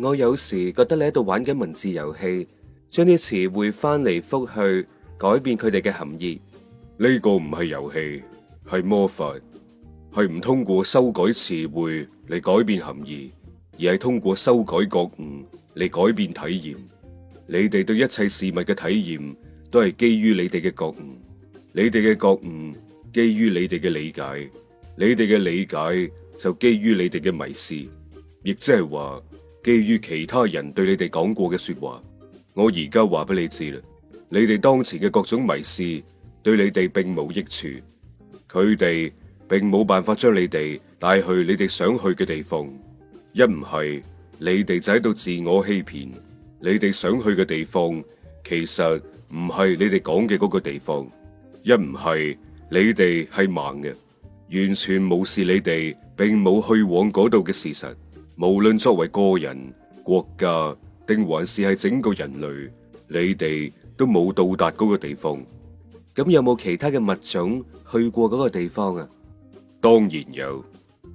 我有時覺得你喺度玩緊文字遊戲，將啲詞彙翻嚟覆去改變佢哋嘅含義。呢個唔係遊戲，係魔法，係唔通過修改詞彙嚟改變含義，而係通過修改覺悟嚟改變體驗。你哋對一切事物嘅體驗都係基於你哋嘅覺悟，你哋嘅覺悟基於你哋嘅理解，你哋嘅理解就基於你哋嘅迷思，亦即係話。基於其他人對你哋講過嘅說話，我而家話俾你知啦。你哋當前嘅各種迷思，對你哋並冇益處。佢哋並冇辦法將你哋帶去你哋想去嘅地方。一唔係你哋就喺度自我欺騙。你哋想去嘅地方，其實唔係你哋講嘅嗰個地方。一唔係你哋係盲嘅，完全無視你哋並冇去往嗰度嘅事實。無論作為個人、國家，定還是係整個人類，你哋都冇到達嗰個地方。咁有冇其他嘅物種去過嗰個地方啊？當然有。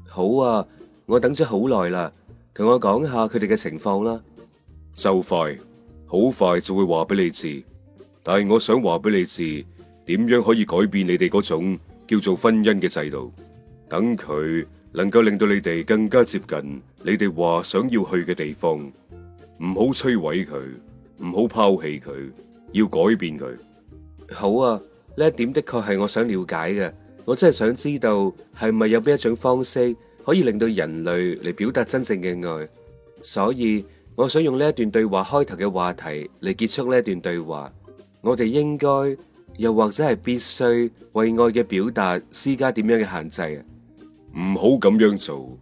好啊，我等咗好耐啦，同我講下佢哋嘅情況啦。就快，好快就會話俾你知。但係我想話俾你知，點樣可以改變你哋嗰種叫做婚姻嘅制度，等佢能夠令到你哋更加接近。你哋話想要去嘅地方，唔好摧毀佢，唔好拋棄佢，要改變佢。好啊，呢一點的確係我想了解嘅。我真係想知道係咪有邊一種方式可以令到人類嚟表達真正嘅愛。所以我想用呢一段對話開頭嘅話題嚟結束呢一段對話。我哋應該又或者係必須為愛嘅表達施加點樣嘅限制啊？唔好咁樣做。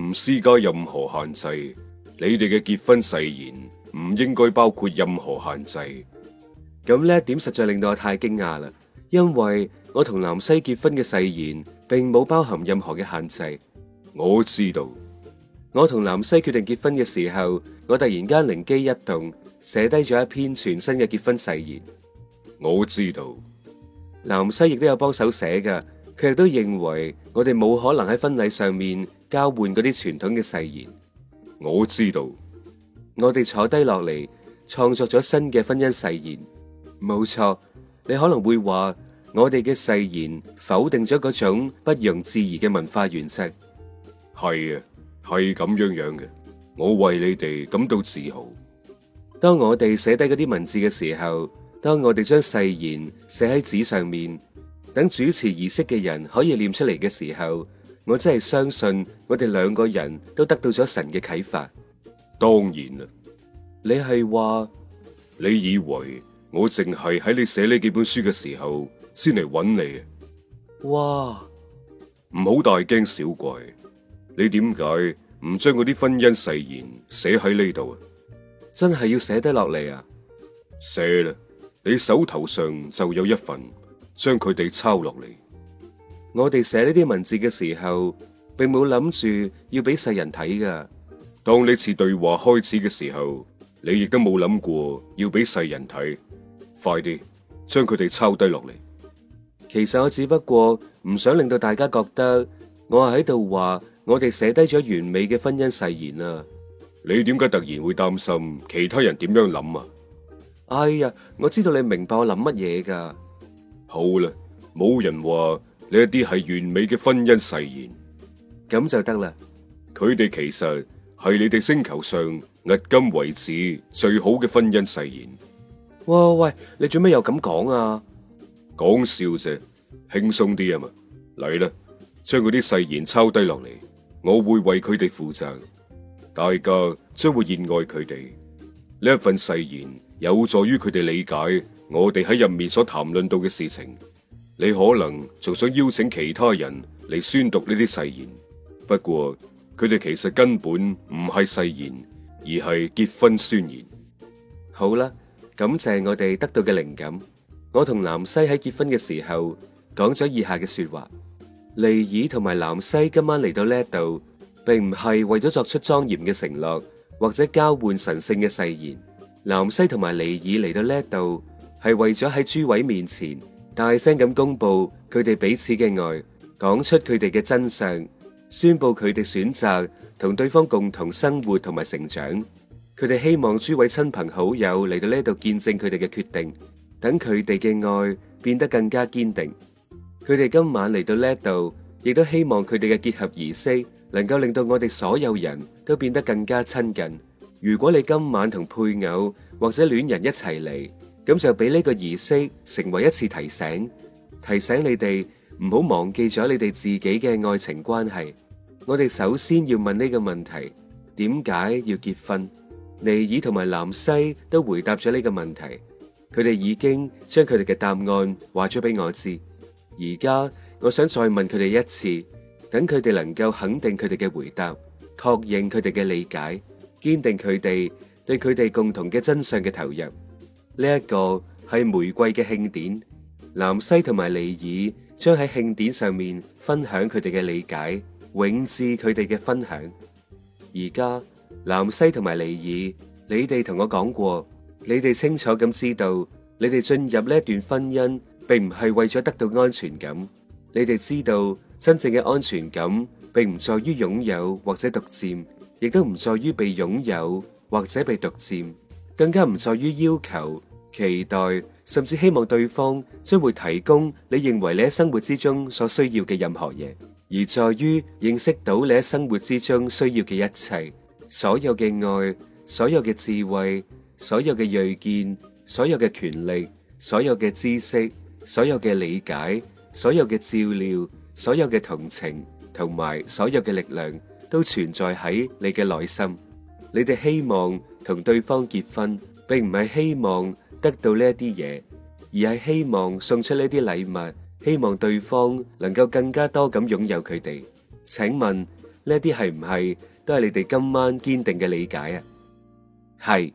唔施加任何限制，你哋嘅結婚誓言唔應該包括任何限制。咁呢一點實在令到我太驚訝啦，因為我同南西結婚嘅誓言並冇包含任何嘅限制。我知道，我同南西決定結婚嘅時候，我突然間靈機一動，寫低咗一篇全新嘅結婚誓言。我知道，南西亦都有幫手寫㗎，佢亦都認為我哋冇可能喺婚禮上面。交換嗰啲傳統嘅誓言，我知道我哋坐低落嚟創作咗新嘅婚姻誓言，冇錯。你可能會話我哋嘅誓言否定咗嗰種不容置疑嘅文化原則，係啊，係咁樣樣嘅。我為你哋感到自豪。當我哋寫低嗰啲文字嘅時候，當我哋將誓言寫喺紙上面，等主持儀式嘅人可以念出嚟嘅時候。我真係相信，我哋兩個人都得到咗神嘅啟發。當然啦，你係話你以為我淨係喺你寫呢幾本書嘅時候先嚟揾你啊？哇！唔好大驚小怪。你點解唔將嗰啲婚姻誓言寫喺呢度啊？真係要寫得落嚟啊！寫啦，你手頭上就有一份，將佢哋抄落嚟。我哋寫呢啲文字嘅時候，並冇諗住要俾世人睇㗎。當呢次對話開始嘅時候，你亦都冇諗過要俾世人睇。快啲將佢哋抄低落嚟。其實我只不過唔想令到大家覺得我係喺度話我哋寫低咗完美嘅婚姻誓言啊。你點解突然會擔心其他人點樣諗啊？哎呀，我知道你明白我諗乜嘢㗎。好啦，冇人話。呢一啲係完美嘅婚姻誓言，咁就得啦。佢哋其實係你哋星球上迄今為止最好嘅婚姻誓言。哇喂，你做咩又咁講啊？講笑啫，輕鬆啲啊嘛。嚟啦，將嗰啲誓言抄低落嚟，我會為佢哋負責，大家將會熱愛佢哋。呢一份誓言有助於佢哋理解我哋喺入面所談論到嘅事情。你可能仲想邀請其他人嚟宣讀呢啲誓言，不過佢哋其實根本唔係誓言，而係結婚宣言。好啦，感謝我哋得到嘅靈感。我同南西喺結婚嘅時候講咗以下嘅說話：尼爾同埋南西今晚嚟到呢度，並唔係為咗作出莊嚴嘅承諾，或者交換神聖嘅誓言。南西同埋尼爾嚟到呢度，係為咗喺諸位面前。大聲咁公布佢哋彼此嘅愛，講出佢哋嘅真相，宣布佢哋選擇同對方共同生活同埋成長。佢哋希望諸位親朋好友嚟到呢度見證佢哋嘅決定，等佢哋嘅愛變得更加堅定。佢哋今晚嚟到呢度，亦都希望佢哋嘅結合儀式能夠令到我哋所有人都變得更加親近。如果你今晚同配偶或者戀人一齊嚟。咁就俾呢個儀式成為一次提醒，提醒你哋唔好忘記咗你哋自己嘅愛情關係。我哋首先要問呢個問題：點解要結婚？尼爾同埋南西都回答咗呢個問題，佢哋已經將佢哋嘅答案話咗俾我知。而家我想再問佢哋一次，等佢哋能夠肯定佢哋嘅回答，確認佢哋嘅理解，堅定佢哋對佢哋共同嘅真相嘅投入。呢一個係玫瑰嘅慶典，南西同埋尼爾將喺慶典上面分享佢哋嘅理解，永誌佢哋嘅分享。而家南西同埋尼爾，你哋同我講過，你哋清楚咁知道，你哋進入呢段婚姻，並唔係為咗得到安全感。你哋知道真正嘅安全感，並唔在於擁有或者獨占，亦都唔在於被擁有或者被獨占。更加唔在於要求、期待，甚至希望對方將會提供你認為你喺生活之中所需要嘅任何嘢，而在於認識到你喺生活之中需要嘅一切，所有嘅愛、所有嘅智慧、所有嘅銳見、所有嘅權力、所有嘅知識、所有嘅理解、所有嘅照料、所有嘅同情，同埋所有嘅力量，都存在喺你嘅內心。你哋希望同對方結婚，並唔係希望得到呢一啲嘢，而係希望送出呢啲禮物，希望對方能夠更加多咁擁有佢哋。請問呢一啲係唔係都係你哋今晚堅定嘅理解啊？係。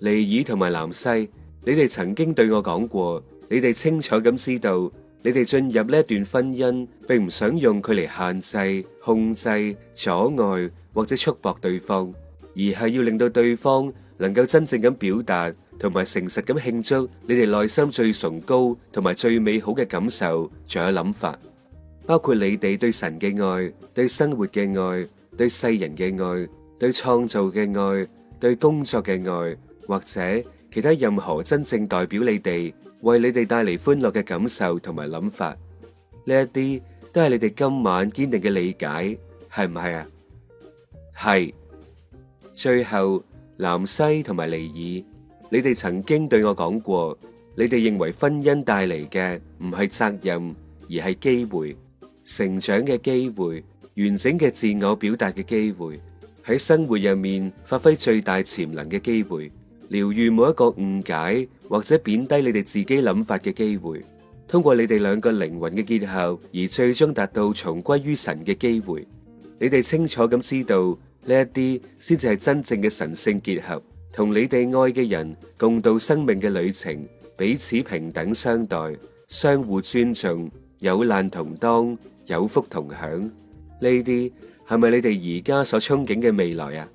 尼爾同埋南西，你哋曾經對我講過，你哋清楚咁知道，你哋進入呢一段婚姻，並唔想用佢嚟限制、控制、阻礙或者束縛對方，而係要令到對方能夠真正咁表達，同埋誠實咁慶祝你哋內心最崇高同埋最美好嘅感受，仲有諗法，包括你哋對神嘅愛、對生活嘅愛、對世人嘅愛、對創造嘅愛、對工作嘅愛，或者其他任何真正代表你哋、為你哋帶嚟歡樂嘅感受同埋諗法，呢一啲都係你哋今晚堅定嘅理解，係唔係啊？係最後，南西同埋尼爾，你哋曾經對我講過，你哋認為婚姻帶嚟嘅唔係責任，而係機會，成長嘅機會，完整嘅自我表達嘅機會，喺生活入面發揮最大潛能嘅機會，療愈每一個誤解或者貶低你哋自己諗法嘅機會，通過你哋兩個靈魂嘅結合，而最終達到重歸於神嘅機會。你哋清楚咁知道。呢一啲先至係真正嘅神聖結合，同你哋愛嘅人共度生命嘅旅程，彼此平等相待，相互尊重，有難同當，有福同享。呢啲係咪你哋而家所憧憬嘅未來啊？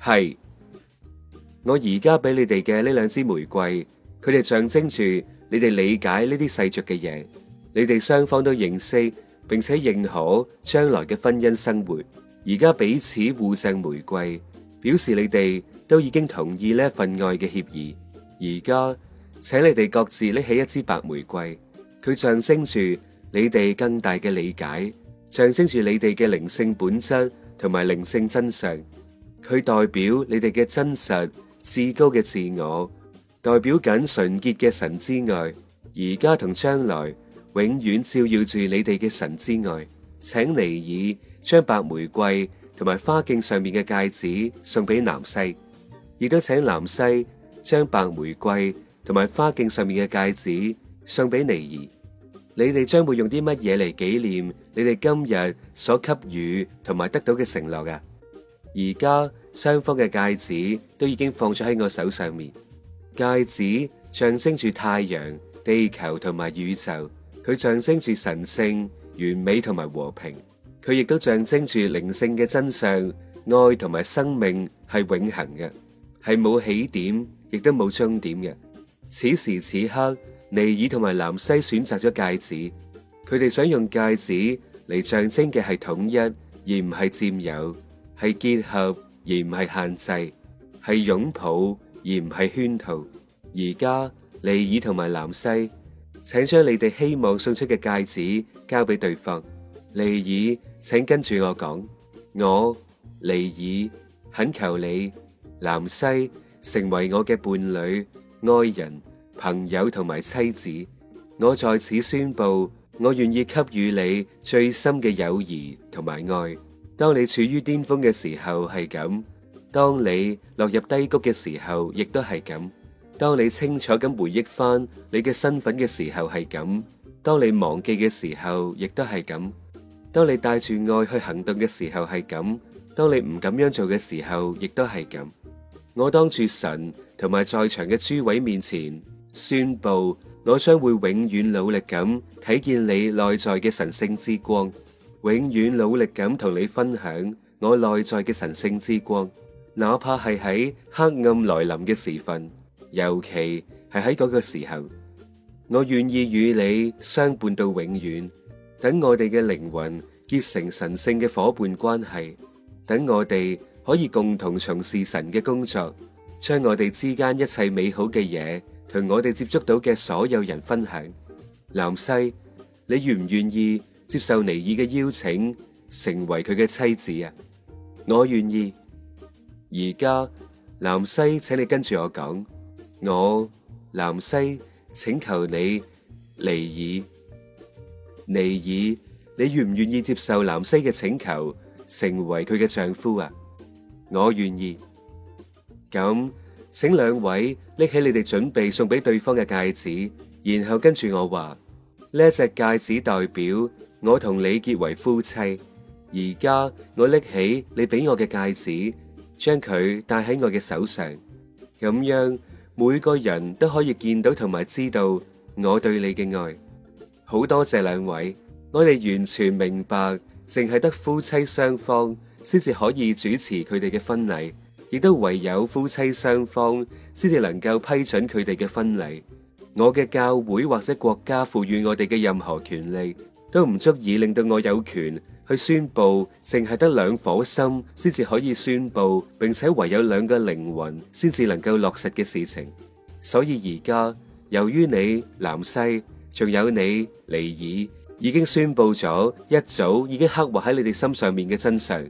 係，我而家俾你哋嘅呢兩支玫瑰，佢哋象徵住你哋理解呢啲世俗嘅嘢，你哋雙方都認識並且認可將來嘅婚姻生活。而家彼此互贈玫瑰，表示你哋都已經同意呢一份愛嘅協議。而家，請你哋各自拎起一支白玫瑰，佢象徵住你哋更大嘅理解，象徵住你哋嘅靈性本質同埋靈性真相。佢代表你哋嘅真實至高嘅自我，代表緊純潔嘅神之愛，而家同將來永遠照耀住你哋嘅神之愛。請尼爾，將白玫瑰同埋花莖上面嘅戒指送俾南西，亦都請南西將白玫瑰同埋花莖上面嘅戒指送俾尼兒。你哋將會用啲乜嘢嚟紀念你哋今日所給予同埋得到嘅承諾？噶，而家雙方嘅戒指都已經放咗喺我手上面。戒指象徵住太陽、地球同埋宇宙，佢象徵住神聖、完美同埋和平。佢亦都象徵住靈性嘅真相，愛同埋生命係永恒嘅，係冇起點，亦都冇終點嘅。此時此刻，尼爾同埋南西選擇咗戒指，佢哋想用戒指嚟象徵嘅係統一，而唔係佔有；係結合，而唔係限制；係擁抱，而唔係圈套。而家，尼爾同埋南西，請將你哋希望送出嘅戒指交俾對方。尼爾，請跟住我講，我，尼爾，懇求你，南西，成為我嘅伴侶、愛人、朋友同埋妻子。我在此宣布，我願意給予你最深嘅友誼同埋愛。當你處於巔峰嘅時候係咁，當你落入低谷嘅時候亦都係咁。當你清楚咁回憶翻你嘅身份嘅時候係咁，當你忘記嘅時候亦都係咁。當你帶住愛去行動嘅時候係咁，當你唔咁樣做嘅時候，亦都係咁。我當住神同埋在場嘅諸位面前，宣布我將會永遠努力咁睇見你內在嘅神聖之光，永遠努力咁同你分享我內在嘅神聖之光，哪怕係喺黑暗來臨嘅時分，尤其係喺嗰個時候，我願意與你相伴到永遠。等我哋嘅靈魂結成神聖嘅伙伴關係，等我哋可以共同從事神嘅工作，將我哋之間一切美好嘅嘢同我哋接觸到嘅所有人分享。南西，你願唔願意接受尼爾嘅邀請，成為佢嘅妻子啊？我願意。而家，南西，請你跟住我講，我，南西，請求你，尼爾。尼爾，你願唔願意接受南西嘅請求，成為佢嘅丈夫啊？我願意。咁，請兩位拎起你哋準備送俾對方嘅戒指，然後跟住我話：呢一隻戒指代表我同你結為夫妻。而家我拎起你俾我嘅戒指，將佢戴喺我嘅手上，咁樣每個人都可以見到同埋知道我對你嘅愛。好多謝兩位，我哋完全明白，淨係得夫妻雙方先至可以主持佢哋嘅婚禮，亦都唯有夫妻雙方先至能夠批准佢哋嘅婚禮。我嘅教會或者國家賦予我哋嘅任何權利，都唔足以令到我有權去宣布，淨係得兩顆心先至可以宣布，並且唯有兩個靈魂先至能夠落實嘅事情。所以而家，由於你南西，仲有你，尼爾已經宣布咗一早已經刻畫喺你哋心上面嘅真相，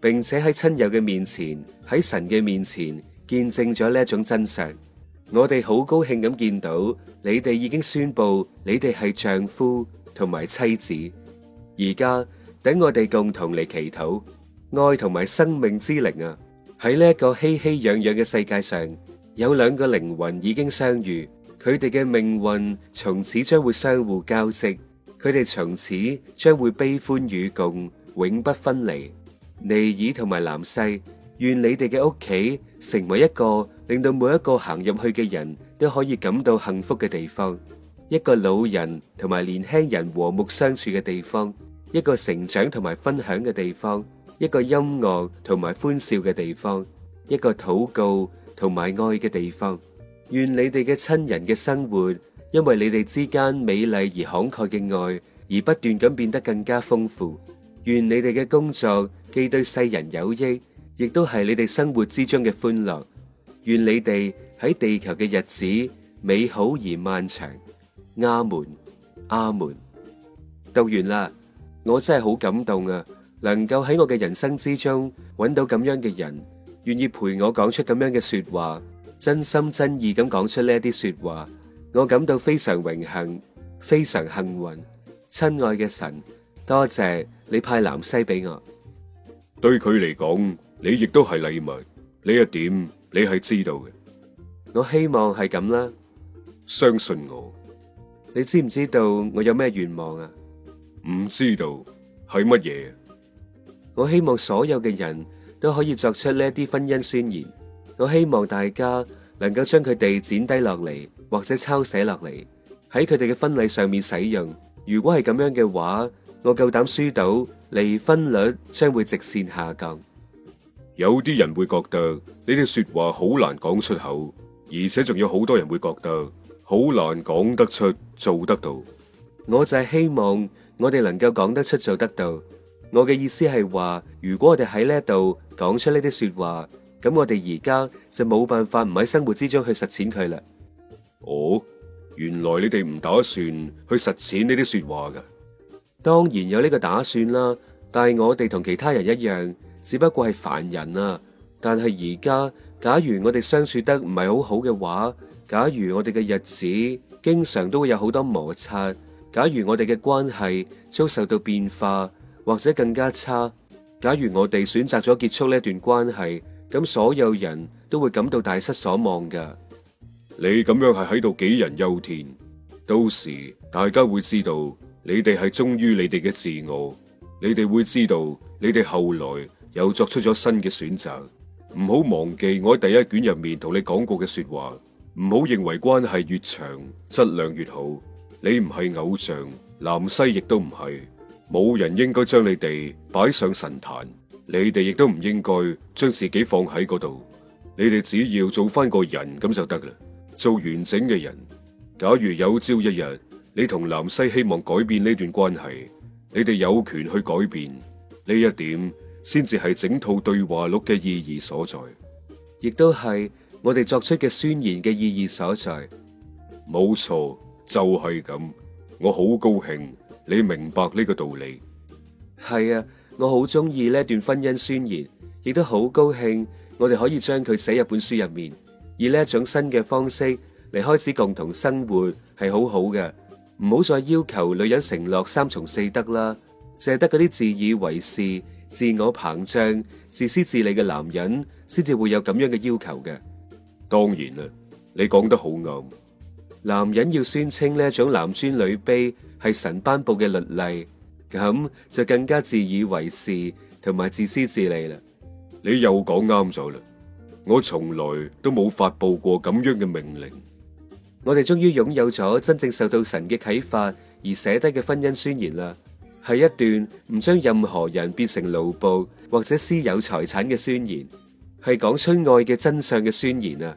並且喺親友嘅面前，喺神嘅面前見證咗呢一種真相。我哋好高興咁見到你哋已經宣布你哋係丈夫同埋妻子，而家等我哋共同嚟祈禱。愛同埋生命之靈啊！喺呢一個熙熙攘攘嘅世界上，有兩個靈魂已經相遇。佢哋嘅命運從此將會相互交織，佢哋從此將會悲歡與共，永不分離。尼爾同埋南西，願你哋嘅屋企成為一個令到每一個行入去嘅人都可以感到幸福嘅地方，一個老人同埋年輕人和睦相處嘅地方，一個成長同埋分享嘅地方，一個音樂同埋歡笑嘅地方，一個禱告同埋愛嘅地方。願你哋嘅親人嘅生活，因為你哋之間美麗而慷慨嘅愛，而不斷咁變得更加豐富。願你哋嘅工作既對世人有益，亦都係你哋生活之中嘅歡樂。願你哋喺地球嘅日子美好而漫長。阿門，阿門。讀完啦，我真係好感動啊！能夠喺我嘅人生之中揾到咁樣嘅人，願意陪我講出咁樣嘅說話。真心真意咁講出呢啲說話，我感到非常榮幸，非常幸運，親愛嘅神，多謝你派南西俾我。對佢嚟講，你亦都係禮物，呢一點你係知道嘅。我希望係咁啦。相信我。你知唔知道我有咩願望啊？唔知道係乜嘢？我希望所有嘅人都可以作出呢啲婚姻宣言。我希望大家能夠將佢哋剪低落嚟，或者抄寫落嚟，喺佢哋嘅婚禮上面使用。如果係咁樣嘅話，我夠膽輸到離婚率將會直線下降。有啲人會覺得呢啲說話好難講出口，而且仲有好多人會覺得好難講得出、做得到。我就係希望我哋能夠講得出、做得到。我嘅意思係話，如果我哋喺呢一度講出呢啲說話。咁我哋而家就冇辦法唔喺生活之中去實踐佢啦。哦，原來你哋唔打算去實踐呢啲說話噶？當然有呢個打算啦，但係我哋同其他人一樣，只不過係凡人啊。但係而家，假如我哋相處得唔係好好嘅話，假如我哋嘅日子經常都會有好多摩擦，假如我哋嘅關係遭受到變化，或者更加差，假如我哋選擇咗結束呢段關係。咁所有人都會感到大失所望噶。你咁樣係喺度杞人憂天，到時大家會知道你哋係忠於你哋嘅自我，你哋會知道你哋後來又作出咗新嘅選擇。唔好忘記我喺第一卷入面同你講過嘅說話，唔好認為關係越長質量越好。你唔係偶像，南西亦都唔係，冇人應該將你哋擺上神壇。你哋亦都唔應該將自己放喺嗰度，你哋只要做翻個人咁就得啦，做完整嘅人。假如有朝一日你同南西希望改變呢段關係，你哋有權去改變。呢一點先至係整套對話錄嘅意義所在，亦都係我哋作出嘅宣言嘅意義所在。冇錯，就係咁。我好高興你明白呢個道理。係啊。我好中意呢一段婚姻宣言，亦都好高興，我哋可以將佢寫入本書入面，以呢一種新嘅方式嚟開始共同生活，係好好嘅。唔好再要求女人承諾三從四德啦，淨係得嗰啲自以為是、自我膨脹、自私自利嘅男人先至會有咁樣嘅要求嘅。當然啦，你講得好啱，男人要宣稱呢一種男尊女卑係神頒布嘅律例，咁就更加自以為是同埋自私自利啦！你又講啱咗啦！我從來都冇發佈過咁樣嘅命令。我哋終於擁有咗真正受到神嘅啟發而寫低嘅婚姻宣言啦，係一段唔將任何人變成奴僕或者私有財產嘅宣言，係講出愛嘅真相嘅宣言啊，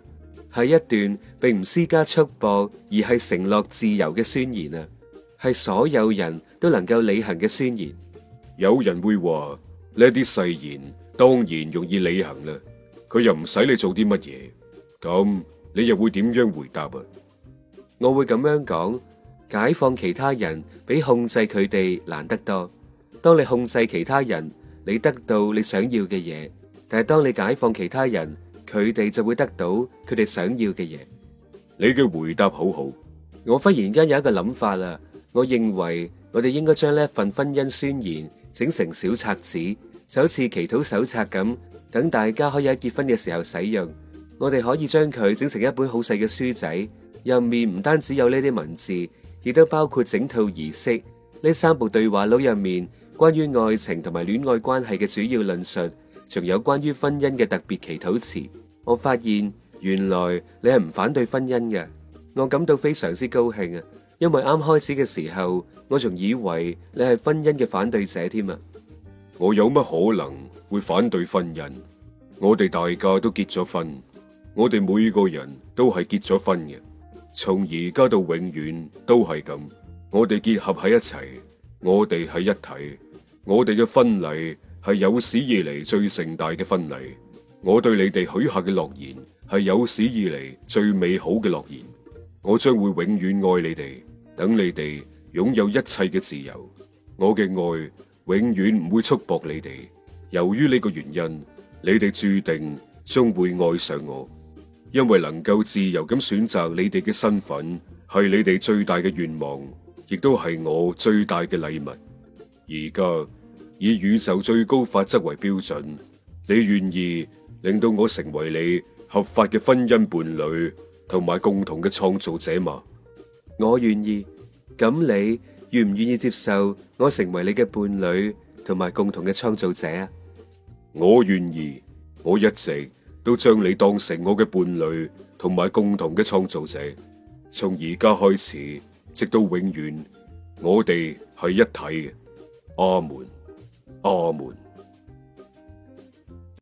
係一段並唔施加束縛而係承諾自由嘅宣言啊。係所有人都能夠履行嘅宣言。有人會話呢一啲誓言當然容易履行啦，佢又唔使你做啲乜嘢。咁你又會點樣回答啊？我會咁樣講：解放其他人比控制佢哋難得多。當你控制其他人，你得到你想要嘅嘢，但係當你解放其他人，佢哋就會得到佢哋想要嘅嘢。你嘅回答好好，我忽然間有一個諗法啦。我認為我哋應該將呢份婚姻宣言整成小冊子，就好似祈禱手冊咁，等大家可以喺結婚嘅時候使用。我哋可以將佢整成一本好細嘅書仔，入面唔單止有呢啲文字，亦都包括整套儀式。呢三部對話錄入面關於愛情同埋戀愛關係嘅主要論述，仲有關於婚姻嘅特別祈禱詞。我發現原來你係唔反對婚姻嘅，我感到非常之高興啊！因為啱開始嘅時候，我仲以為你係婚姻嘅反對者添啊！我有乜可能會反對婚姻？我哋大家都結咗婚，我哋每個人都係結咗婚嘅，從而家到永遠都係咁。我哋結合喺一齊，我哋係一體，我哋嘅婚禮係有史以嚟最盛大嘅婚禮。我對你哋許下嘅諾言係有史以嚟最美好嘅諾言。我將會永遠愛你哋。等你哋擁有一切嘅自由，我嘅愛永遠唔會束縛你哋。由於呢個原因，你哋注定將會愛上我，因為能夠自由咁選擇你哋嘅身份，係你哋最大嘅願望，亦都係我最大嘅禮物。而家以宇宙最高法則為標準，你願意令到我成為你合法嘅婚姻伴侶同埋共同嘅創造者嗎？我願意。咁你願唔願意接受我成為你嘅伴侶同埋共同嘅創造者啊？我願意，我一直都將你當成我嘅伴侶同埋共同嘅創造者。從而家開始，直到永遠，我哋係一體嘅。阿門，阿門。